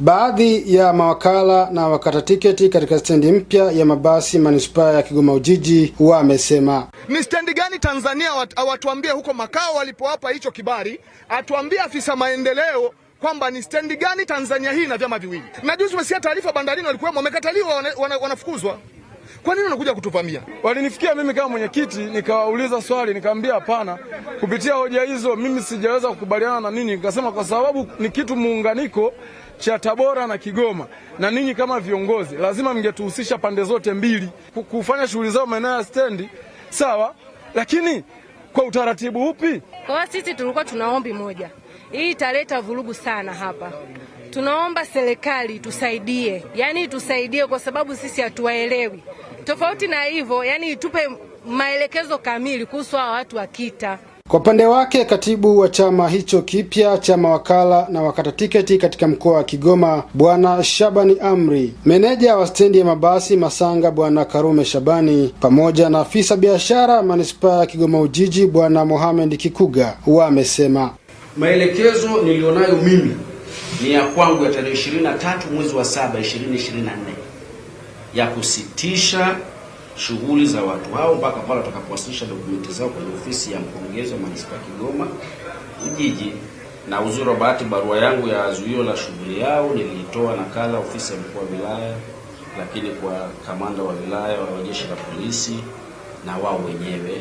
Baadhi ya mawakala na wakata tiketi katika stendi mpya ya mabasi manispaa ya Kigoma Ujiji wamesema ni stendi gani Tanzania awatuambie huko makao walipowapa hicho kibali, atuambie afisa maendeleo kwamba ni stendi gani Tanzania hii na vyama viwili. Na juzi umesikia taarifa bandarini walikuwa wamekataliwa, wanafukuzwa wana, wana kwa nini unakuja kutuvamia? Walinifikia mimi kama mwenyekiti, nikawauliza swali, nikamwambia hapana, kupitia hoja hizo mimi sijaweza kukubaliana na ninyi. Nikasema kwa sababu ni kitu muunganiko cha Tabora na Kigoma, na ninyi kama viongozi lazima mngetuhusisha pande zote mbili kufanya shughuli zao maeneo ya stendi, sawa, lakini kwa utaratibu upi? Kwa sisi tulikuwa tuna ombi moja, hii italeta vurugu sana hapa tunaomba serikali tusaidie, yani tusaidie kwa sababu sisi hatuwaelewi. Tofauti na hivyo, yani itupe maelekezo kamili kuhusu hawa watu wa KITA. Kwa upande wake katibu wa chama hicho kipya cha mawakala na wakata tiketi katika mkoa wa Kigoma bwana Shabani Amri, meneja wa stendi ya mabasi Masanga bwana Karume Shabani, pamoja na afisa biashara manispaa ya Kigoma Ujiji bwana Mohamed Kikuga wamesema maelekezo nilionayo mimi ni ya kwangu ya tarehe 23 mwezi wa 7 2024 ya kusitisha shughuli za watu hao mpaka pale watakapowasilisha dokumenti zao kwenye ofisi ya mkurugenzi wa manispaa ya Kigoma Ujiji. Na uzuri wa bahati, barua yangu ya zuio la shughuli yao nilitoa nakala ofisi ya mkuu wa wilaya, lakini kwa kamanda wa wilaya wa jeshi la polisi na wao wenyewe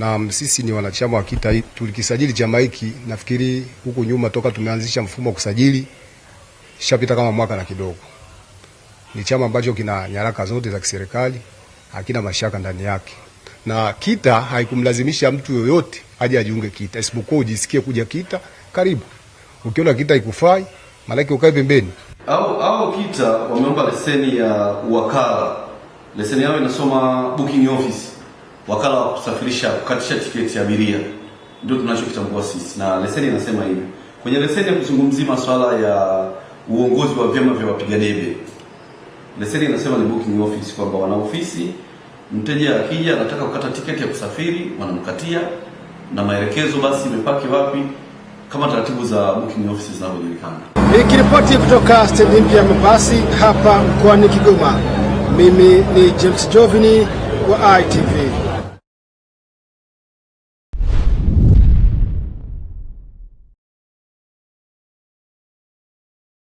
na sisi ni wanachama wa kita. Tulikisajili chama hiki nafikiri huku nyuma, toka tumeanzisha mfumo wa kusajili shapita kama mwaka na kidogo. Ni chama ambacho kina nyaraka zote za kiserikali, hakina mashaka ndani yake, na kita haikumlazimisha mtu yoyote aje ajiunge kita, isipokuwa ujisikie kuja kita, karibu. Ukiona kita ikufai, malaki ukae pembeni. Au au kita wameomba leseni ya wakala, leseni yao inasoma booking office wakala wa kusafirisha kukatisha tiketi ya abiria, ndio tunachokitambua sisi, na leseni inasema hivi. Kwenye leseni ya kuzungumzia masuala ya uongozi wa vyama vya wapiga debe, leseni inasema ni booking office, kwamba wana ofisi. Mteja akija anataka kukata tiketi ya kusafiri, wanamkatia na maelekezo, basi imepaki wapi, kama taratibu za booking office zinavyojulikana. Nikiripoti kutoka stendi mpya ya mabasi hapa mkoani Kigoma, mimi ni James Jovini wa ITV.